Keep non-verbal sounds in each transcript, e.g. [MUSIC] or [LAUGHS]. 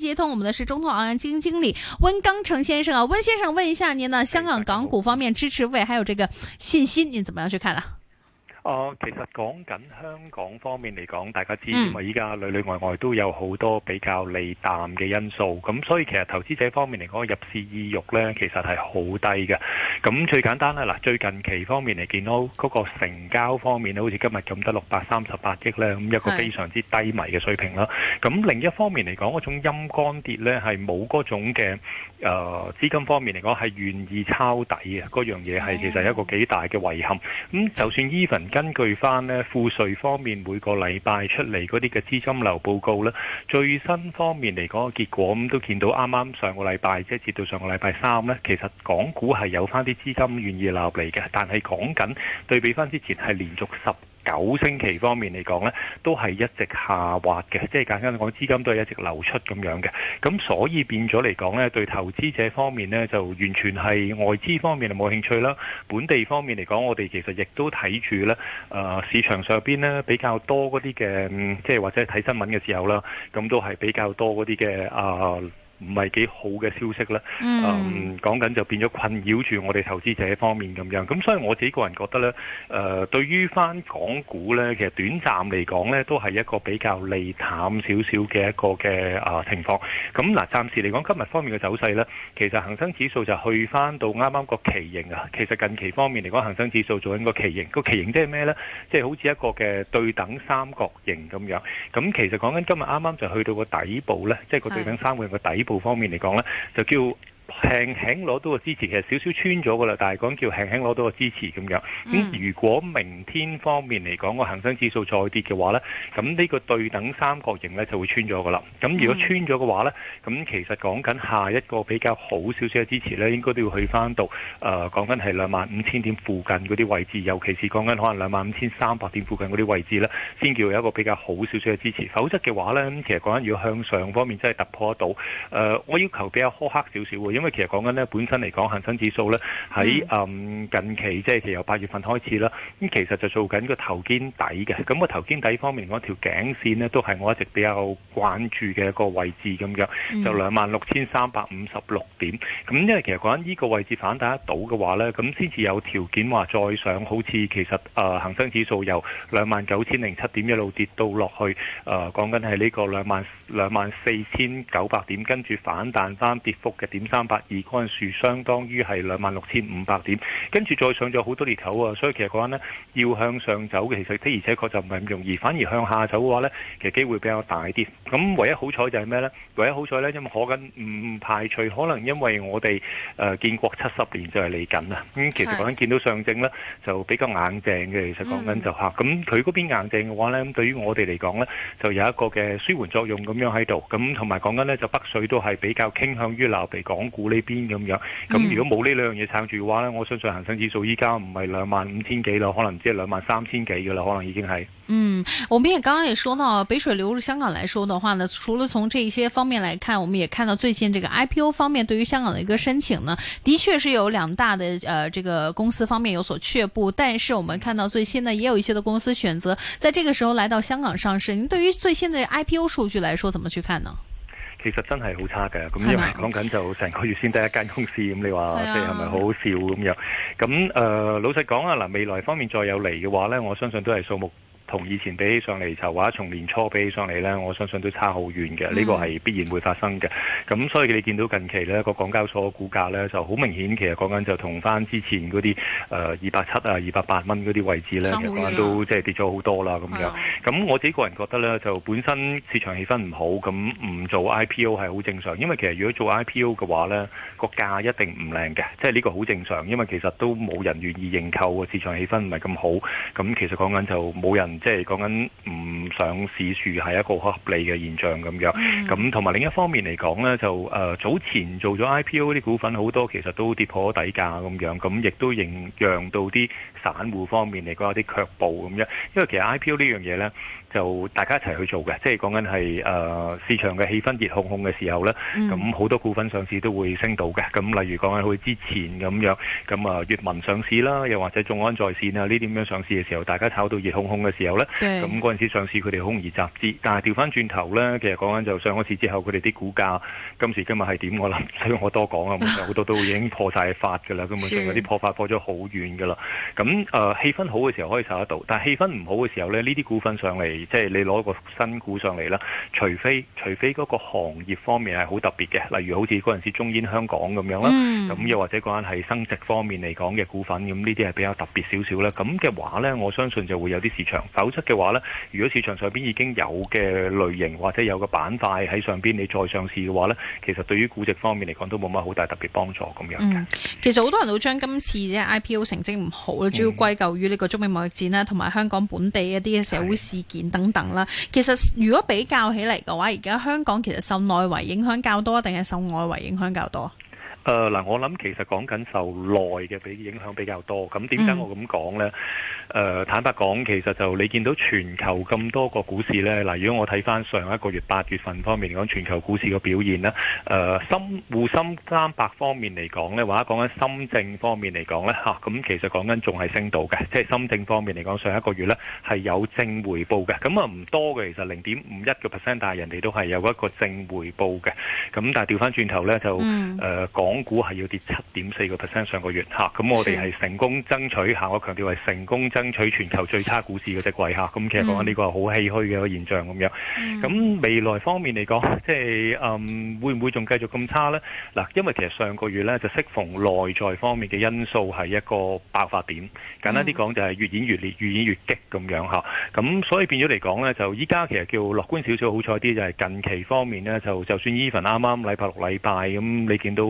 接通我們的是中通昂洋基金經理溫鋼城先生啊，溫先生，問一下您呢，香港港股方面支持位還有這個信心，您怎麼樣去看呢、啊？啊，其實講緊香港方面嚟講，大家知因為依家裏裏外外都有好多比較利淡嘅因素，咁所以其實投資者方面嚟講入市意欲呢其實係好低嘅。咁最簡單啦，嗱，最近期方面嚟見到嗰個成交方面呢，好似今日咁得六百三十八億呢，咁一個非常之低迷嘅水平啦。咁另一方面嚟講，嗰種陰光跌呢係冇嗰種嘅。誒、呃、資金方面嚟講係願意抄底嘅，嗰樣嘢係其實一個幾大嘅遺憾。咁就算 Even 根據翻呢富瑞方面每個禮拜出嚟嗰啲嘅資金流報告呢，最新方面嚟講，結果咁、嗯、都見到啱啱上個禮拜即係至到上個禮拜三呢，其實港股係有翻啲資金願意流入嚟嘅，但係講緊對比翻之前係連續十九星期方面嚟講呢，都係一直下滑嘅，即係簡單講，資金都係一直流出咁樣嘅，咁所以變咗嚟講呢，對投資者方面呢，就完全係外資方面係冇興趣啦。本地方面嚟講，我哋其實亦都睇住呢，呃，市場上邊呢比較多嗰啲嘅，即係或者睇新聞嘅時候啦，咁都係比較多嗰啲嘅啊。呃唔係幾好嘅消息咧、嗯嗯，講緊就變咗困擾住我哋投資者方面咁樣，咁所以我自己個人覺得呢，誒、呃、對於翻港股呢，其實短暫嚟講呢，都係一個比較利淡少少嘅一個嘅啊、呃、情況。咁嗱，暫時嚟講今日方面嘅走勢呢，其實恒生指數就去翻到啱啱個旗形啊。其實近期方面嚟講，恒生指數做緊個旗形，個旗形即係咩呢？即係好似一個嘅對等三角形咁樣。咁其實講緊今日啱啱就去到個底部呢，即係個對等三角形個底部。方面嚟講，咧，就叫，輕輕攞到個支持，其實少少穿咗噶啦，但係講叫輕輕攞到個支持咁樣。咁、嗯、如果明天方面嚟講，個恒生指數再跌嘅話呢，咁呢個對等三角形呢就會穿咗噶啦。咁如果穿咗嘅話呢，咁其實講緊下一個比較好少少嘅支持呢，應該都要去返到誒講緊係兩萬五千點附近嗰啲位置，尤其是講緊可能兩萬五千三百點附近嗰啲位置呢，先叫有一個比較好少少嘅支持。否則嘅話呢，其實講緊要向上方面真係突破得到、呃。我要求比較苛刻少少因為其實講緊呢，本身嚟講，恒生指數呢喺、嗯、近期即係由八月份開始啦。咁其實就做緊個頭肩底嘅。咁、那個頭肩底方面嗰條頸線呢，都係我一直比較關注嘅一個位置咁樣，就兩萬六千三百五十六點。咁、嗯、因為其實講緊呢個位置反彈得到嘅話呢，咁先至有條件話再上。好似其實誒、呃、恆生指數由兩萬九千零七點一路跌到落去誒，講緊係呢個兩萬兩萬四千九百點，跟住反彈返跌幅嘅點三，百二嗰陣時，相當於係兩萬六千五百點，跟住再上咗好多裂頭啊！所以其實講緊呢，要向上走嘅，其實的而且確就唔係咁容易，反而向下走嘅話呢，其實機會比較大啲。咁唯一好彩就係咩呢？唯一好彩呢，因為可緊唔排除可能因為我哋誒、呃、建國七十年就係嚟緊啦。咁、嗯、其實講緊見到上證呢就比較硬淨嘅。其實講緊就嚇，咁佢嗰邊硬淨嘅話呢，咁對於我哋嚟講呢，就有一個嘅舒緩作用咁樣喺度。咁同埋講緊呢，就北水都係比較傾向於流嚟港呢邊咁樣，咁如果冇呢兩樣嘢撐住嘅話呢，我相信恒生指數依家唔係兩萬五千幾啦，可能只係兩萬三千幾嘅啦，可能已經係。嗯，我們也剛剛也說到，北水流入香港來說的話呢，除了從這些方面來看，我們也看到最近這個 IPO 方面對於香港的一個申請呢，的確是有兩大的，呃，這個公司方面有所卻步，但是我們看到最新呢，也有一些的公司選擇在這個時候來到香港上市。您對於最新的 IPO 數據來說，怎麼去看呢？其實真係好差嘅，咁因為講緊就成個月先得一間公司，咁你話即係係咪好好笑咁樣？咁誒、啊呃，老實講啊，嗱，未來方面再有嚟嘅話呢，我相信都係數目。同以前比起上嚟，就或者從年初比起上嚟呢，我相信都差好遠嘅。呢、呢個係必然會發生嘅。咁、嗯、所以你見到近期呢個港交所股價呢，就好明顯，其實講緊就同翻之前嗰啲誒二百七啊、二百八蚊嗰啲位置呢，其實講緊都即係、就是、跌咗好多啦咁樣。咁、嗯、我自己個人覺得呢，就本身市場氣氛唔好，咁唔做 IPO 係好正常。因為其實如果做 IPO 嘅話呢，個價一定唔靚嘅，即係呢個好正常。因為其實都冇人願意認購喎，市場氣氛唔係咁好。咁其實講緊就冇人。即係講緊唔上市，處係一個好合理嘅現象咁樣。咁同埋另一方面嚟講呢，就誒、呃、早前做咗 IPO 啲股份好多，其實都跌破咗底價咁樣。咁亦都認讓到啲散戶方面嚟講有啲卻步咁樣。因為其實 IPO 呢樣嘢呢。就大家一齊去做嘅，即係講緊係誒市場嘅氣氛熱烘烘嘅時候呢。咁、嗯、好多股份上市都會升到嘅。咁例如講緊佢之前咁樣，咁啊閱文上市啦，又或者眾安在線啊呢啲咁樣上市嘅時候，大家炒到熱烘烘嘅時候呢。咁嗰陣時上市佢哋好容易集資，但係調翻轉頭呢，其實講緊就上咗市之後佢哋啲股價今時今日係點，我諗，所以我多講啊，好 [LAUGHS] 多都已經破晒發㗎啦，根本仲有啲破發破咗好遠㗎啦。咁誒、呃、氣氛好嘅時候可以炒得到，但係氣氛唔好嘅時候呢，呢啲股份上嚟。即係你攞個新股上嚟啦，除非除非嗰個行業方面係好特別嘅，例如好似嗰陣時中煙香港咁樣啦，咁、嗯、又或者講緊係升值方面嚟講嘅股份，咁呢啲係比較特別少少啦。咁嘅話呢，我相信就會有啲市場。否則嘅話呢，如果市場上邊已經有嘅類型或者有個板塊喺上邊，你再上市嘅話呢，其實對於估值方面嚟講都冇乜好大特別幫助咁樣、嗯。其實好多人都將今次即係 IPO 成績唔好，嗯、主要歸咎於呢個中美貿易戰啦，同埋香港本地一啲嘅社會事件。等等啦，其實如果比較起嚟嘅話，而家香港其實受內圍影響較多，定係受外圍影響較多？誒、呃、嗱，我諗其實講緊受內嘅比影響比較多。咁點解我咁講呢？誒、嗯呃、坦白講，其實就你見到全球咁多個股市呢。嗱、呃，如果我睇翻上一個月八月份方面嚟講，全球股市嘅表現呢，誒、呃、深滬深三百方面嚟講呢，或者講緊深證方面嚟講呢。咁、啊、其實講緊仲係升到嘅，即係深證方面嚟講上一個月呢係有正回報嘅。咁啊唔多嘅，其實零點五一個 percent，但係人哋都係有一個正回報嘅。咁但係調翻轉頭呢，就、嗯、誒、呃、講。港股係要跌七點四個 percent 上個月嚇，咁我哋係成功爭取嚇，我強調係成功爭取全球最差股市嘅席位。咁其實講緊呢個係好唏噓嘅一個現象咁樣。咁、嗯、未來方面嚟講，即係誒、嗯、會唔會仲繼續咁差呢？嗱，因為其實上個月呢，就適逢內在方面嘅因素係一個爆發點，簡單啲講就係越演越烈、越演越激咁樣嚇。咁所以變咗嚟講呢，就依家其實叫樂觀少少，好彩啲就係近期方面呢，就就算 Even 啱啱禮拜六禮拜咁，你見到。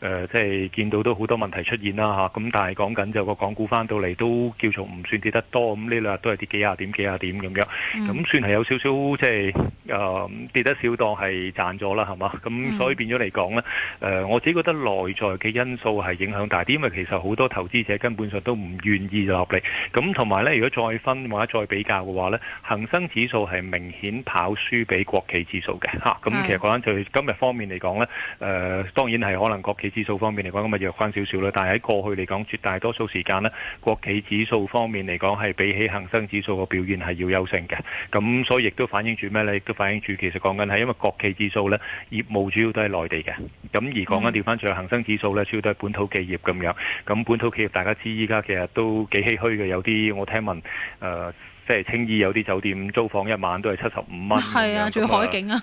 誒、呃，即係見到都好多問題出現啦嚇咁、啊、但係講緊就個港股返到嚟都叫做唔算跌得多，咁呢兩日都係跌幾廿點、幾廿點咁樣，咁、嗯、算係有少少即係、呃、跌得少，當係賺咗啦，係嘛？咁所以變咗嚟講呢，誒、嗯呃，我自己覺得內在嘅因素係影響大啲，因為其實好多投資者根本上都唔願意落嚟，咁同埋呢，如果再分或者再比較嘅話呢，恒生指數係明顯跑輸俾國企指數嘅嚇咁、啊嗯、其實講緊就今日方面嚟講呢，誒、呃，當然係可能。國企指數方面嚟講，咁咪弱翻少少啦。但係喺過去嚟講，絕大多數時間呢，國企指數方面嚟講係比起恒生指數個表現係要優勝嘅。咁所以亦都反映住咩呢？亦都反映住其實講緊係因為國企指數呢，業務主要都係內地嘅。咁而講緊調翻轉恒生指數呢，主要都係本土企業咁樣。咁本土企業大家知依家其實都幾唏嘘嘅，有啲我聽聞誒。即係青衣有啲酒店租房一晚都係七十五蚊，係啊，仲要海景啊，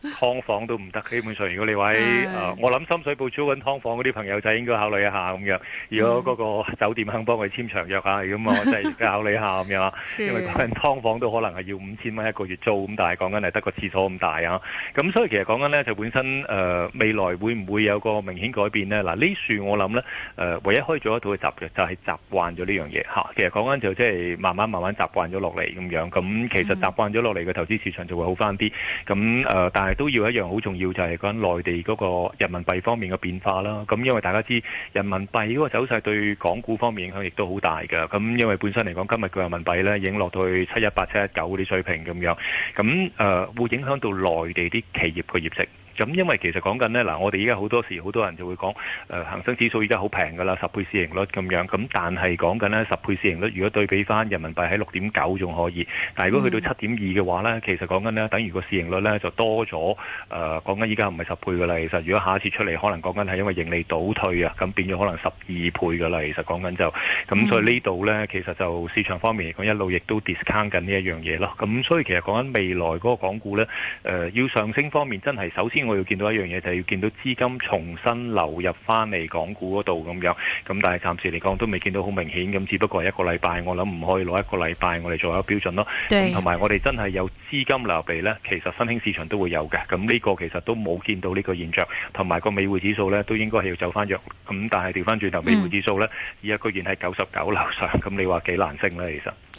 劏、啊、房都唔得。基本上，如果你位、 [LAUGHS] 呃，我諗深水埗租緊劏房嗰啲朋友仔應該考慮一下咁樣。如果嗰個酒店肯幫佢簽長約啊，咁我真係考慮一下咁樣。 [LAUGHS] 因為嗰間劏房都可能係要五千蚊一個月租，咁但係講緊係得個廁所咁大啊。咁所以其實講緊呢，就本身、呃、未來會唔會有個明顯改變呢？嗱呢樹我諗呢，誒、呃，唯一可以做得到嘅習嘅就係習慣咗呢樣嘢吓。其實講緊就即係慢慢慢慢習慣咗。落嚟咁樣，咁其實習慣咗落嚟嘅投資市場就會好翻啲。咁誒、呃，但係都要一樣好重要，就係講內地嗰個人民幣方面嘅變化啦。咁因為大家知人民幣嗰個走勢對港股方面影響亦都好大嘅。咁因為本身嚟講，今日嘅人民幣咧已經落到去七一八七一九啲水平咁樣，咁誒、呃、會影響到內地啲企業嘅業績。咁因為其實講緊呢，嗱我哋依家好多時，好多人就會講誒恆生指數依家好平噶啦，十倍市盈率咁樣。咁但係講緊呢，十倍市盈率如果對比翻人民幣喺六點九仲可以，但係如果去到七點二嘅話呢，其實講緊呢，等於個市盈率呢就多咗誒。講緊依家唔係十倍噶啦，其實如果下一次出嚟，可能講緊係因為盈利倒退啊，咁變咗可能十二倍噶啦。其實講緊就咁，所以呢度呢，其實就市場方面嚟講，一路亦都 discount 緊呢一樣嘢咯。咁所以其實講緊未來嗰個港股呢，誒、呃、要上升方面真係首先。我要見到一樣嘢，就係要見到資金重新流入翻嚟港股嗰度咁樣。咁但係暫時嚟講都未見到好明顯。咁只不過係一個禮拜，我諗唔可以攞一個禮拜我哋做一個標準咯。同埋我哋真係有資金流備呢，其實新興市場都會有嘅。咁呢個其實都冇見到呢個現象。同埋個美匯指數呢，都應該係要走翻弱。咁但係調翻轉頭，美匯指數呢，而、嗯、家居然係九十九樓上，咁你話幾難升呢？其實。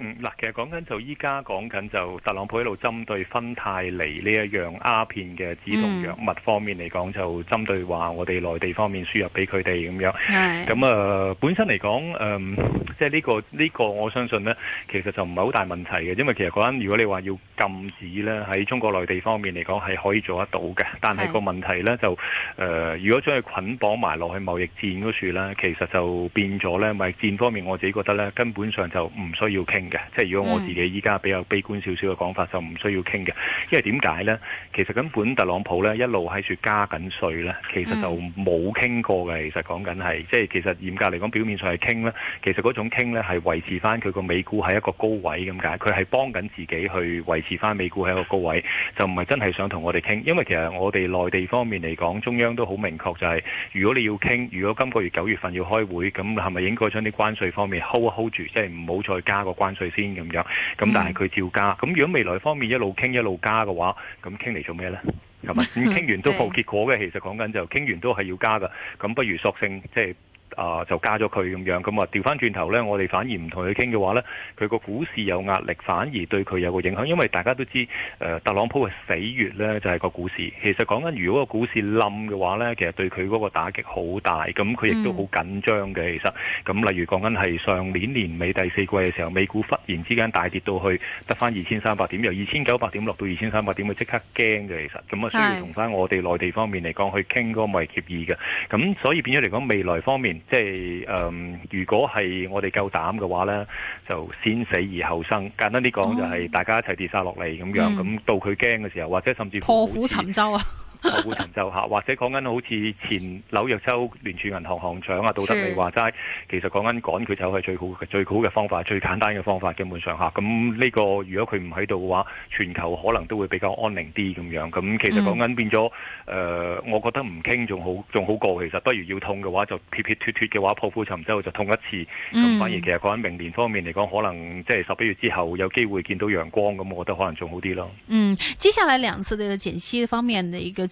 嗯，嗱，其實講緊就依家講緊就特朗普一路針對芬太尼呢一樣阿片嘅止痛藥物、嗯、方面嚟講，就針對話我哋內地方面輸入俾佢哋咁樣。係。咁啊、呃，本身嚟講，誒、呃，即係呢個呢個，呢個、我相信呢，其實就唔係好大問題嘅，因為其實嗰陣如果你話要禁止呢喺中國內地方面嚟講係可以做得到嘅。但係個問題呢，就誒、呃，如果將佢捆綁埋落去貿易戰嗰處呢，其實就變咗呢，貿易戰方面，我自己覺得呢，根本上就唔需要傾。即係如果我自己依家比較悲觀少少嘅講法，就唔需要傾嘅，因為點解呢？其實根本特朗普呢一路喺處加緊稅呢，其實就冇傾過嘅。其實講緊係，即係其實嚴格嚟講，表面上係傾呢。其實嗰種傾呢係維持翻佢個美股喺一個高位咁解，佢係幫緊自己去維持翻美股喺一個高位，就唔係真係想同我哋傾。因為其實我哋內地方面嚟講，中央都好明確、就係，就係如果你要傾，如果今個月九月份要開會，咁係咪應該將啲關稅方面 hold hold 住，即係唔好再加個關稅？嗯、先咁樣，咁但係佢照加。咁如果未來方面一路傾一路加嘅話，咁傾嚟做咩呢？係咪？咁傾完都冇結果嘅，其實講緊就傾完都係 [LAUGHS] 要加㗎。咁不如索性即係。就是啊，就加咗佢咁樣，咁啊調翻轉頭咧，我哋反而唔同佢傾嘅話咧，佢個股市有壓力，反而對佢有個影響，因為大家都知，誒、呃、特朗普嘅死穴咧就係、是、個股市。其實講緊如果個股市冧嘅話咧，其實對佢嗰個打擊好大，咁佢亦都好緊張嘅。嗯、其實咁例如講緊係上年年尾第四季嘅時候，美股忽然之間大跌到去得翻二千三百點，由二千九百點落到二千三百點，佢即刻驚嘅。其實咁啊需要同翻我哋內地方面嚟講去傾個個貿易協議嘅。咁所以變咗嚟講未來方面。即係誒、呃，如果係我哋夠膽嘅話呢就先死而後生。簡單啲講就係大家一齊跌晒落嚟咁樣，咁、哦嗯、到佢驚嘅時候，或者甚至破釜沉舟啊！破釜沉舟嚇，或者講緊好似前紐約州聯儲銀行行長啊，杜德利話齋，其實講緊趕佢走係最好嘅，最好嘅方法，最簡單嘅方法，基本上嚇。咁呢、呢個如果佢唔喺度嘅話，全球可能都會比較安寧啲咁樣。咁其實講緊變咗，誒、嗯呃，我覺得唔傾仲好，仲好過其實。不如要痛嘅話，就撇撇脱脱嘅話，破釜沉舟就痛一次。咁、嗯、反而其實講緊明年方面嚟講，可能即係十一月之後有機會見到陽光咁，我覺得可能仲好啲咯。嗯，接下來兩次嘅減息方面嘅一個。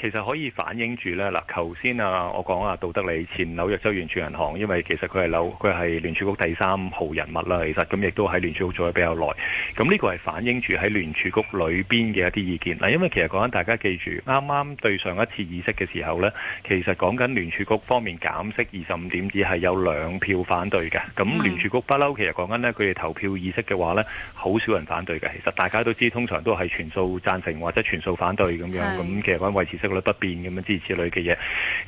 其實可以反映住呢。嗱，頭先啊，我講啊，杜德利前紐約州聯儲銀行，因為其實佢係紐佢係聯儲局第三號人物啦。其實咁亦都喺聯儲局做咗比較耐。咁呢個係反映住喺聯儲局裏邊嘅一啲意見。嗱，因為其實講緊大家記住，啱啱對上一次議息嘅時候呢，其實講緊聯儲局方面減息二十五點只係有兩票反對嘅。咁聯儲局不嬲，其實講緊呢，佢哋投票議息嘅話呢，好少人反對嘅。其實大家都知，通常都係全數贊成或者全數反對咁樣。咁其實講維持利率不變咁樣之類嘅嘢，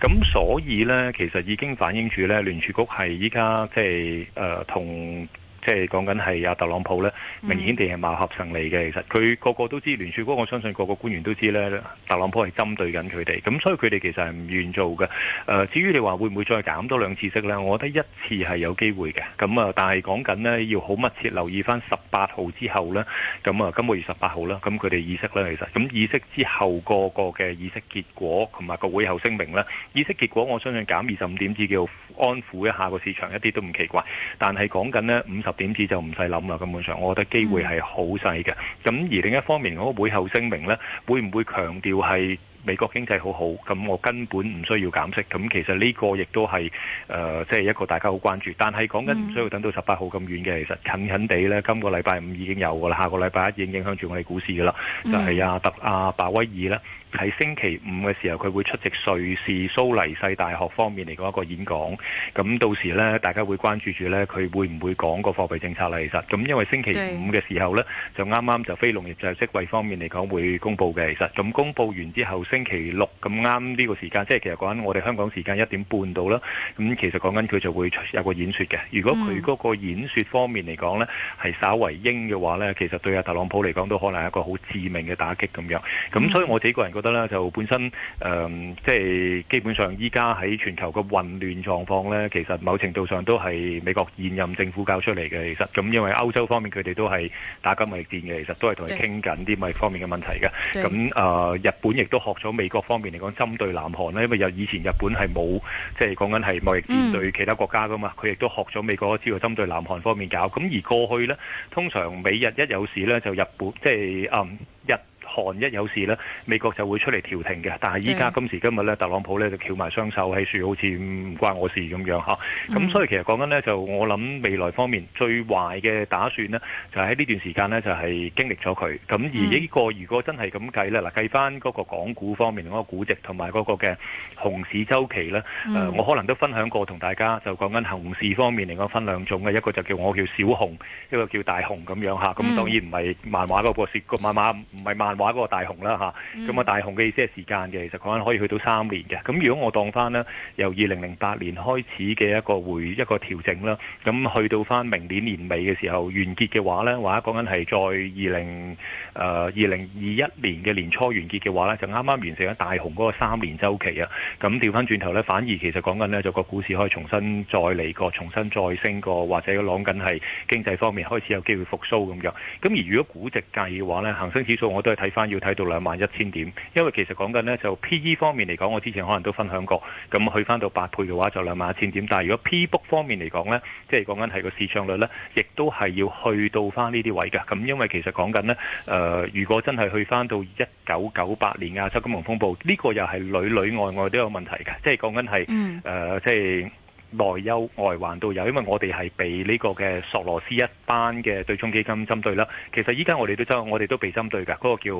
咁所以咧，其實已經反映住咧，聯儲局係依家即係誒、呃、同。即係講緊係阿特朗普咧，明顯地係貌合神離嘅。其實佢個個都知，聯署嗰個，我相信個個官員都知咧，特朗普係針對緊佢哋。咁所以佢哋其實係唔願做嘅。誒、呃，至於你話會唔會再減多兩次息咧？我覺得一次係有機會嘅。咁啊，但係講緊呢，要好密切留意返十八號之後呢。咁啊，今個月十八號啦，咁佢哋議息啦。其實咁議息之後個個嘅議息結果同埋個會後聲明啦。議息結果我相信減二十五點至叫安撫一下個市場，一啲都唔奇怪。但係講緊呢。五十。點止就唔使諗啦，根本上，我覺得機會係好細嘅。咁、嗯、而另一方面，嗰、那個會後聲明呢，會唔會強調係美國經濟好好，咁我根本唔需要減息？咁其實呢個亦都係誒，即、呃、係、就是、一個大家好關注。但係講緊唔需要等到十八號咁遠嘅、嗯，其實近近地呢，今個禮拜五已經有㗎啦，下個禮拜一已經影響住我哋股市㗎啦，就係、是、阿、啊、特阿鮑、啊、威爾呢。喺星期五嘅時候，佢會出席瑞士蘇黎世大學方面嚟講一個演講。咁到時呢，大家會關注住呢，佢會唔會講個貨幣政策啦？其實，咁因為星期五嘅時候呢，就啱啱就非農業就職位方面嚟講會公布嘅。其實，咁公布完之後，星期六咁啱呢個時間，即係其實講緊我哋香港時間一點半到啦。咁其實講緊佢就會有一個演説嘅。如果佢嗰個演説方面嚟講呢，係稍為英嘅話呢，其實對阿特朗普嚟講都可能係一個好致命嘅打擊咁樣。咁、嗯、所以我自己個人覺得咧就本身誒、嗯，即係基本上依家喺全球嘅混亂狀況咧，其實某程度上都係美國現任政府搞出嚟嘅。其實咁，因為歐洲方面佢哋都係打緊貿易戰嘅，其實都係同佢傾緊啲貿易方面嘅問題嘅。咁啊、呃，日本亦都學咗美國方面嚟講，針對南韓咧，因為有以前日本係冇即係講緊係貿易戰對其他國家㗎嘛，佢亦都學咗美國只要針對南韓方面搞。咁而過去咧，通常美日一有事咧，就日本即係啊日。嗯韓一有事呢，美國就會出嚟調停嘅。但係依家今時今日呢，特朗普呢就翹埋雙手喺樹，好似唔關我事咁樣嚇。咁、嗯、所以其實講緊呢，就我諗未來方面最壞嘅打算呢，就係喺呢段時間呢，就係、是、經歷咗佢。咁而呢、呢個如果真係咁計呢，嗱計翻嗰個港股方面嗰、嗰個估值同埋嗰個嘅熊市周期呢、嗯，我可能都分享過同大家就講緊熊市方面嚟講分兩種嘅，一個就叫我叫小熊，一個叫大熊咁樣嚇。咁、嗰個嗰個、當然唔係漫畫嗰、嗰個事，個嗯嗰個、唔係漫畫唔、那、係、個、漫。話、那、嗰個大紅啦嚇，咁、那、啊、個、大紅嘅意思係時間嘅，其實講緊可以去到三年嘅。咁如果我當翻呢，由二零零八年開始嘅一個回一個調整啦，咁去到翻明年年尾嘅時候完結嘅話呢，或者講緊係在二零誒二零二一年嘅年初完結嘅話呢，就啱啱完成咗大紅嗰個三年周期啊。咁調翻轉頭呢，反而其實講緊呢，就個股市可以重新再嚟過，重新再升過，或者攞緊係經濟方面開始有機會復甦咁樣。咁而如果估值計嘅話呢，恒生指數我都係睇翻要睇到兩萬一千點，因為其實講緊呢就 P E 方面嚟講，我之前可能都分享過，咁去翻到八倍嘅話就兩萬一千點。但係如果 P book 方面嚟講呢，即、就、係、是、講緊係個市漲率呢，亦都係要去到翻呢啲位嘅。咁因為其實講緊呢，誒、呃、如果真係去翻到一九九八年亞洲金融風暴呢、呢個又係裏裏外外都有問題嘅，即、就、係、是、講緊係誒即係。嗯呃就是內憂外患都有，因為我哋係被呢個嘅索羅斯一班嘅對沖基金針對啦。其實依家我哋都針，我哋都被針對嘅。嗰、那個叫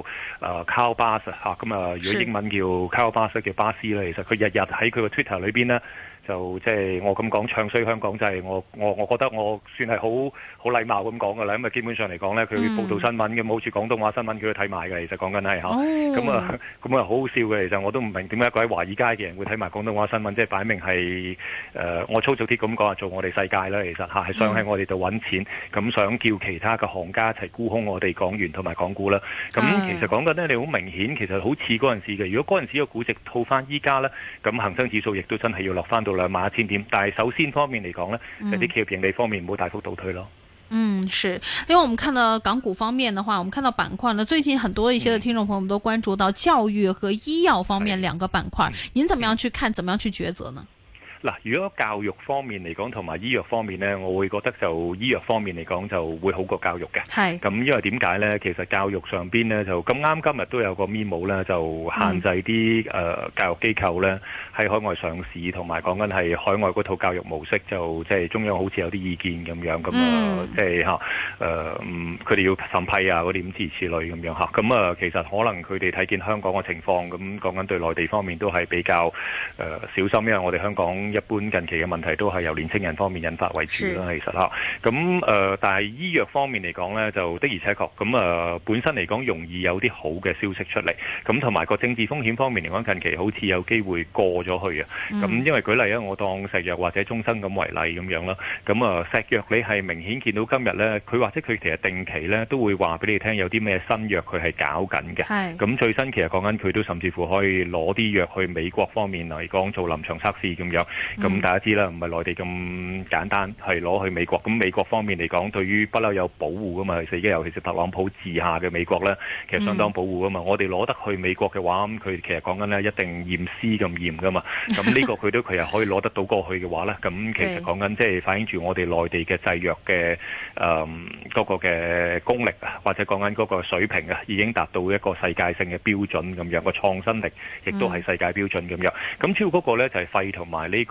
誒 Kyle Bass，咁啊，如果英文叫 Kyle Bass，叫巴斯啦。其實佢日日喺佢個 Twitter 裏邊咧。就即係我咁講唱衰香港、就是，就係我我我覺得我算係好好禮貌咁講㗎啦。因為基本上嚟講呢，佢報道新聞嘅冇好似廣東話新聞，佢都睇埋嘅。其實講緊係咁啊，咁啊，好好笑嘅。其實我都唔明點解一個喺華爾街嘅人會睇埋廣東話新聞，即係擺明係誒、呃、我粗俗啲咁講啊，做我哋世界啦。其實嚇係、啊、想喺我哋度揾錢，咁、嗯、想叫其他嘅行家一齊沽空我哋港元同埋港股啦。咁、啊、其實講緊呢，你好明顯，其實好似嗰陣時嘅。如果嗰陣時嘅估值套翻依家呢，咁恒生指數亦都真係要落翻到。誒，千點，但係首先方面嚟講呢，有啲企業盈利方面唔好大幅倒退咯。嗯，是，因為我們看到港股方面的話，我們看到板塊呢，最近很多一些的聽眾朋友們都關注到教育和醫藥方面兩個板塊，嗯，您怎麼樣去看，怎麼樣去抉擇呢？嗯嗱，如果教育方面嚟講，同埋醫藥方面咧，我會覺得就醫藥方面嚟講就會好過教育嘅。係。咁因為點解咧？其實教育上邊咧就咁啱今日都有個 memo，咧，就限制啲誒、嗯呃、教育機構咧喺海外上市，同埋講緊係海外嗰套教育模式，就即係中央好似有啲意見咁樣。咁即係嚇嗯，佢、呃、哋、呃、要審批啊嗰啲咁諸如此類咁樣嚇。咁啊、呃，其實可能佢哋睇見香港嘅情況，咁講緊對內地方面都係比較誒、呃、小心、啊，因為我哋香港。一般近期嘅問題都係由年青人方面引發為主啦，其實嚇。咁誒，但係醫藥方面嚟講咧，就的而且確咁誒，本身嚟講容易有啲好嘅消息出嚟。咁同埋個政治風險方面嚟講，近期好似有機會過咗去啊。咁因為舉例啊，我當石藥或者中生咁為例咁樣啦。咁啊，石藥你係明顯見到今日咧，佢或者佢其實定期咧都會話俾你聽有啲咩新藥佢係搞緊嘅。係。咁最新其實講緊佢都甚至乎可以攞啲藥去美國方面嚟講做臨床測試咁樣。咁、嗯、大家知啦，唔係內地咁簡單，係攞去美國。咁美國方面嚟講，對於不嬲有保護噶嘛。係已經尤其是特朗普治下嘅美國咧，其實相當保護噶嘛。嗯、我哋攞得去美國嘅話，咁佢其實講緊咧一定驗屍咁驗噶嘛。咁呢個佢都佢係可以攞得到過去嘅話咧，咁 [LAUGHS] 其實講緊即係反映住我哋內地嘅製藥嘅誒嗰個嘅功力啊，或者講緊嗰個水平啊，已經達到一個世界性嘅標準咁樣，個創新力亦都係世界標準咁樣。咁超越嗰個咧就係費同埋呢。就是那個嘅誒，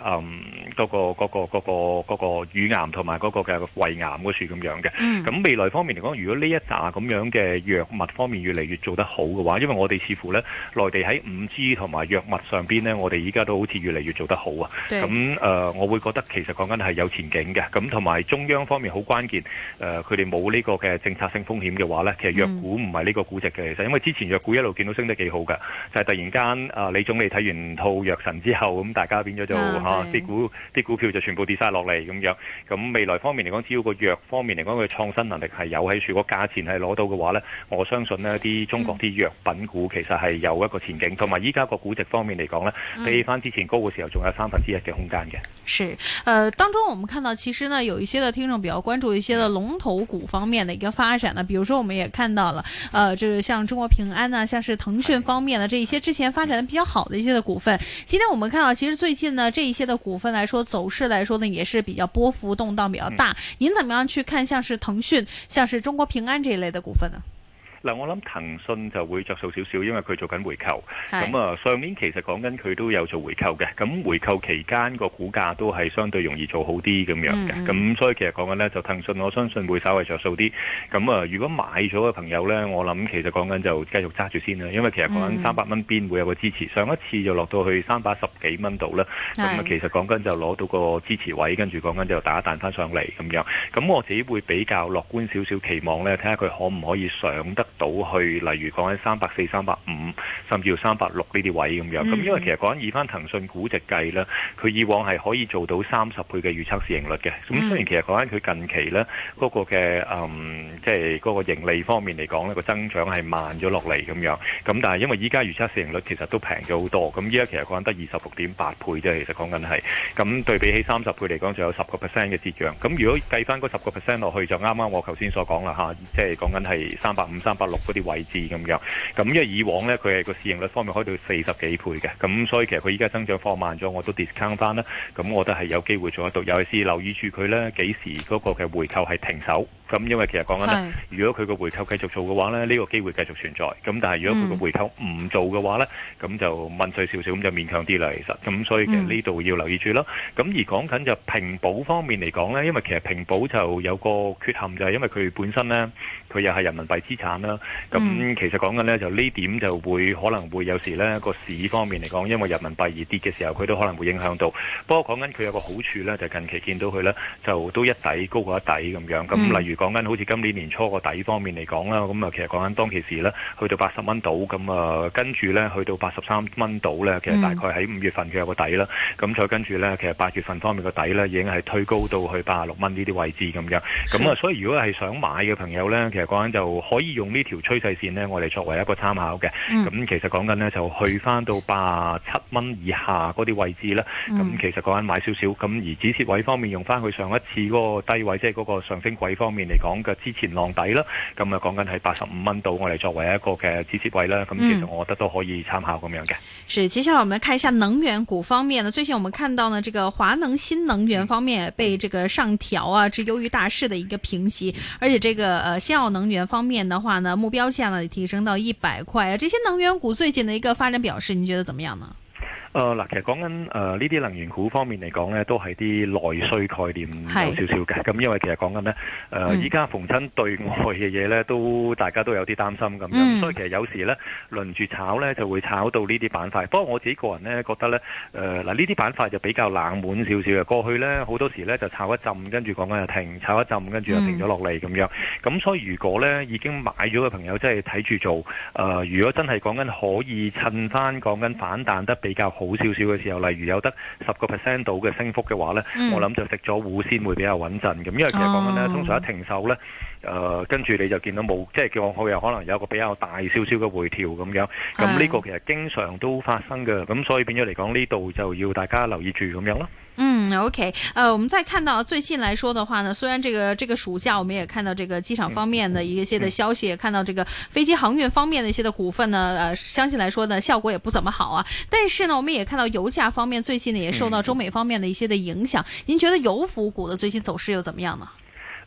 嗰、嗯那個嗰、那個嗰、那個嗰、那個乳癌同埋嗰個嘅胃癌嗰樹咁樣嘅。咁、嗯、未來方面嚟講，如果呢一打咁樣嘅藥物方面越嚟越做得好嘅話，因為我哋似乎呢內地喺五 G 同埋藥物上邊呢，我哋依家都好似越嚟越做得好啊。咁誒、呃，我會覺得其實講緊係有前景嘅。咁同埋中央方面好關鍵，誒、呃，佢哋冇呢個嘅政策性風險嘅話呢，其實藥股唔係呢個估值嘅，其實因為之前藥股一路見到升得幾好嘅，就係、是、突然間誒、呃，李總理睇完套藥神之後，咁大家變。喺度吓，啲股啲股票就全部跌晒落嚟咁樣。咁未來方面嚟講，只要個藥方面嚟講佢創新能力係有喺處，是有如果價錢係攞到嘅話咧，我相信呢啲中國啲藥品股其實係有一個前景。同埋依家個估值方面嚟講咧，比起翻之前高嘅時候，仲有三分之一嘅空間嘅。是、呃，當中我們看到，其實呢，有一些嘅聽眾比較關注一些嘅龍頭股方面嘅一個發展啦。比如說，我們也看到了，誒、呃，就是像中國平安啊，像是騰訊方面呢，這一些之前發展的比較好的一些嘅股份。今天我們看到，其實最近。那這一些的股份來說，走勢來說呢，也是比較波幅動蕩比較大。嗯。您怎麼樣去看像是騰訊、像是中國平安這一類的股份呢？嗱，我諗騰訊就會着數少少，因為佢做緊回購。咁啊，上年其實講緊佢都有做回購嘅。咁回購期間個股價都係相對容易做好啲咁樣嘅。咁、嗯、所以其實講緊咧，就騰訊我相信會稍微着數啲。咁啊，如果買咗嘅朋友咧，我諗其實講緊就繼續揸住先啦。因為其實講緊三百蚊邊會有個支持、嗯。上一次就落到去三百十幾蚊度啦。咁啊，其實講緊就攞到個支持位，跟住講緊就打一彈翻上嚟咁樣。咁我自己會比較樂觀少少，期望咧睇下佢可唔可以上得。到去，例如講緊三百四、三百五，甚至到三百六呢啲位咁樣。咁、mm -hmm. 因為其實講緊以翻騰訊估值計呢，佢以往係可以做到三十倍嘅預測市盈率嘅。咁、mm -hmm. 雖然其實講緊佢近期呢，嗰、嗰個嘅嗯，即係嗰個盈利方面嚟講呢個增長係慢咗落嚟咁樣。咁但係因為依家預測市盈率其實都平咗好多。咁依家其實講緊得二十六點八倍啫。其實講緊係咁對比起三十倍嚟講，仲有十個 percent 嘅折讓。咁如果計翻嗰十個 percent 落去，就啱啱我頭先所講啦嚇，即係講緊係三百五三。就是八六嗰啲位置咁樣，咁因為以往呢，佢係個市盈率方面開到四十幾倍嘅，咁所以其實佢依家增長放慢咗，我都 discount 翻啦。咁我都係有機會做得到，尤其是留意住佢呢幾時嗰個嘅回購係停手。咁因為其實講緊呢，如果佢個回購繼續做嘅話呢，呢、這個機會繼續存在。咁但係如果佢個回購唔做嘅話呢，咁、嗯、就問碎少少，咁就勉強啲啦。其實咁所以其實呢度要留意住啦。咁、嗯、而講緊就平保方面嚟講呢，因為其實平保就有個缺陷就係、是、因為佢本身呢，佢又係人民幣資產啦。咁、嗯、其實講緊呢，就呢點就會可能會有時呢個市方面嚟講，因為人民幣而跌嘅時候，佢都可能會影響到。不過講緊佢有個好處呢，就是、近期見到佢呢，就都一底高過一底咁樣。咁、嗯、例如講緊好似今年年初個底方面嚟講啦，咁啊其實講緊當其時咧，去到八十蚊度，咁啊跟住咧去到八十三蚊度咧，其實大概喺五月份佢有個底啦。咁、嗯、再跟住咧，其實八月份方面個底咧已經係推高到去八十六蚊呢啲位置咁樣。咁、嗯、啊，所以如果係想買嘅朋友咧，其實講緊就可以用呢條趨勢線咧，我哋作為一個參考嘅。咁、嗯、其實講緊咧就去翻到八七蚊以下嗰啲位置啦。咁、嗯、其實講緊買少少。咁而止蝕位方面用翻去上一次嗰個低位，即係嗰個上升軌方面。嚟講嘅之前浪底啦，咁啊講緊喺八十五蚊到我哋作為一個嘅支持位啦，咁其實我覺得都可以參考咁樣嘅、嗯。是，接下來我們來看一下能源股方面呢。最近我們看到呢，這個華能新能源方面被這個上調啊，至優於大市的一個評級，而且這個呃新奧能源方面的話呢，目標線呢提升到一百塊啊。這些能源股最近的一個發展表示，你覺得怎麼樣呢？誒、呃、嗱，其實講緊誒呢啲能源股方面嚟講呢都係啲內需概念有少少嘅。咁因為其實講緊、呃嗯、呢，誒依家逢親對外嘅嘢呢，都大家都有啲擔心咁、嗯。所以其實有時呢，輪住炒呢就會炒到呢啲板塊。不過我自己個人呢，覺得呢，誒嗱呢啲板塊就比較冷門少少嘅。過去呢，好多時呢，就炒一陣，跟住講緊又停；炒一陣，跟住又停咗落嚟咁樣。咁、嗯、所以如果呢，已經買咗嘅朋友真，真係睇住做。如果真係講緊可以趁翻講緊反彈得比較好少少嘅時候，例如有得十個 percent 度嘅升幅嘅話呢、嗯，我諗就食咗護先會比較穩陣咁，因為其實講緊呢，通常一停手呢，誒跟住你就見到冇，即係過去又可能有一個比較大少少嘅回調咁樣，咁呢個其實經常都發生嘅，咁所以變咗嚟講呢度就要大家留意住咁樣啦。OK，呃，我們再看到最近來說的話呢，雖然這個這個暑假我們也看到這個機場方面的一些的消息，嗯嗯，也看到這個飛機航運方面的一些的股份呢，呃，相信來說呢效果也不怎麼好啊。但是呢，我們也看到油價方面最近呢也受到中美方面的一些的影響。嗯嗯，您覺得油服股的最近走勢又怎麼樣呢？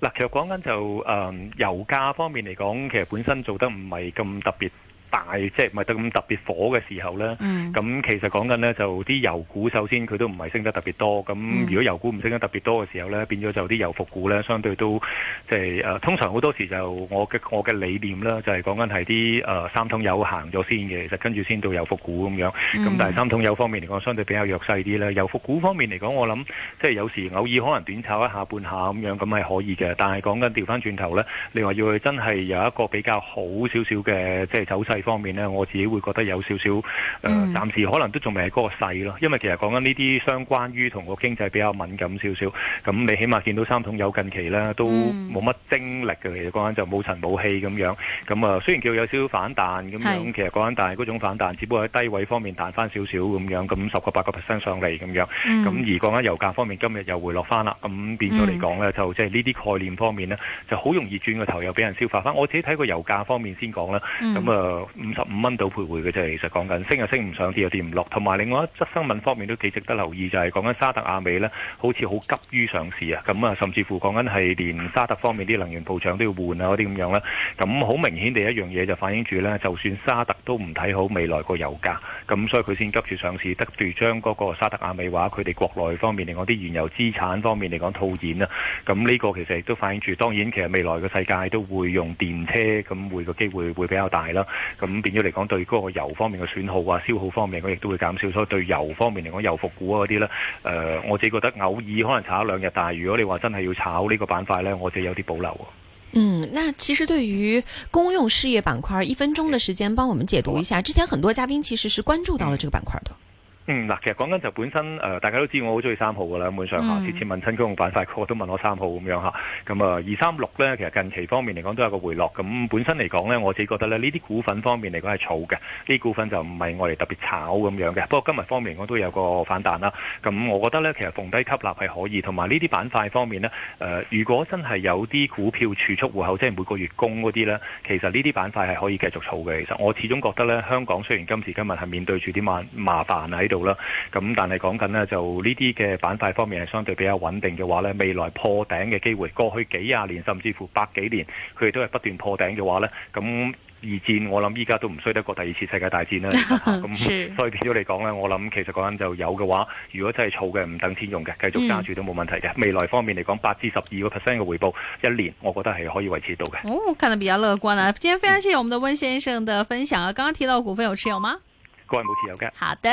嗱，其實講緊就，呃油價方面嚟講，其實本身做得唔係咁特別。大即係唔係得咁特別火嘅時候呢？咁、mm. 其實講緊呢，就啲油股首先佢都唔係升得特別多。咁如果油股唔升得特別多嘅時候呢，變咗就啲油服股呢，相對都即係、誒、通常好多時就我嘅我嘅理念啦，就係講緊係啲誒三桶油行咗先嘅，其實跟住先到油服股咁樣。咁、mm. 但係三桶油方面嚟講，相對比較弱勢啲啦。油服股方面嚟講，我諗即係有時偶爾可能短炒一下半下咁樣，咁係可以嘅。但係講緊調翻轉頭呢，你話要佢真係有一個比較好少少嘅即係走勢，方面呢，我自己會覺得有少少誒，暫、呃、時可能都仲未係嗰個勢咯、嗯。因為其實講緊呢啲相關於同個經濟比較敏感少少，咁你起碼見到三桶油近期啦，都冇乜精力嘅。其實講緊就冇塵冇氣咁樣。咁啊，雖然叫有少少反彈咁樣，其實講緊但係嗰種反彈，只不過喺低位方面彈翻少少咁樣，咁十個八個 percent 上嚟咁樣。咁、嗯、而講緊油價方面，今日又回落翻啦。咁變咗嚟講咧，就即係呢啲概念方面咧，就好容易轉個頭又俾人消化翻。我自己睇過油價方面先講啦。咁啊～、嗯嗯五十五蚊度徘徊嘅啫，其實講緊升又升唔上，跌又跌唔落。同埋另外一則新聞方面都幾值得留意，就係講緊沙特阿美呢，好似好急於上市啊！咁啊，甚至乎講緊係連沙特方面啲能源部長都要換啊嗰啲咁樣啦，咁好明顯地一樣嘢就反映住呢，就算沙特都唔睇好未來個油價，咁所以佢先急住上市，急住將嗰個沙特阿美話佢哋國內方面嚟講啲原油資產方面嚟講套現啊。咁呢個其實亦都反映住，當然其實未來個世界都會用電車，咁會個機會會比較大啦。咁變咗嚟講，對嗰個油方面嘅損耗啊、消耗方面，我亦都會減少，所以對油方面嚟講，油服股啊嗰啲咧，誒，我自己覺得偶爾可能炒一兩日，但係如果你話真係要炒呢個板塊咧，我自己有啲保留喎。嗯，那其實對於公用事業板塊，一分鐘嘅時間幫我們解讀一下，之前很多嘉賓其實是關注到了這個板塊的。嗯嗯嗱，其實講緊就本身誒、呃，大家都知我好中意三號噶啦，咁上下次、啊嗯、次問親公用板塊，個個都問我三號咁樣嚇。咁啊，二三六咧，其實近期方面嚟講都有個回落咁、嗯。本身嚟講咧，我自己覺得咧，呢啲股份方面嚟講係儲嘅，呢啲股份就唔係我哋特別炒咁樣嘅。不過今日方面嚟講都有個反彈啦。咁我覺得咧，其實逢低吸納係可以，同埋呢啲板塊方面呢，誒、呃，如果真係有啲股票儲蓄戶口，即、就、係、是、每個月供嗰啲咧，其實呢啲板塊係可以繼續儲嘅。其實我始終覺得咧，香港雖然今時今日係面對住啲麻麻煩啊，做、嗯、啦，咁但係講緊咧就呢啲嘅板塊方面係相對比較穩定嘅話呢，未來破頂嘅機會，過去幾廿年甚至乎百幾年佢哋都係不斷破頂嘅話呢，咁二戰我諗依家都唔衰得過第二次世界大戰啦。咁所以，總體嚟講呢，我諗其實講緊就有嘅話，如果真係儲嘅、唔等錢用嘅，繼續揸住都冇問題嘅。未來方面嚟講，八至十二個 percent 嘅回報，一年我覺得係可以維持到嘅。哦，看得比較樂觀啦、啊。今天非常謝謝我們的溫先生嘅分享啊！剛剛提到股份有持有嗎？各位冇持有嘅。好的。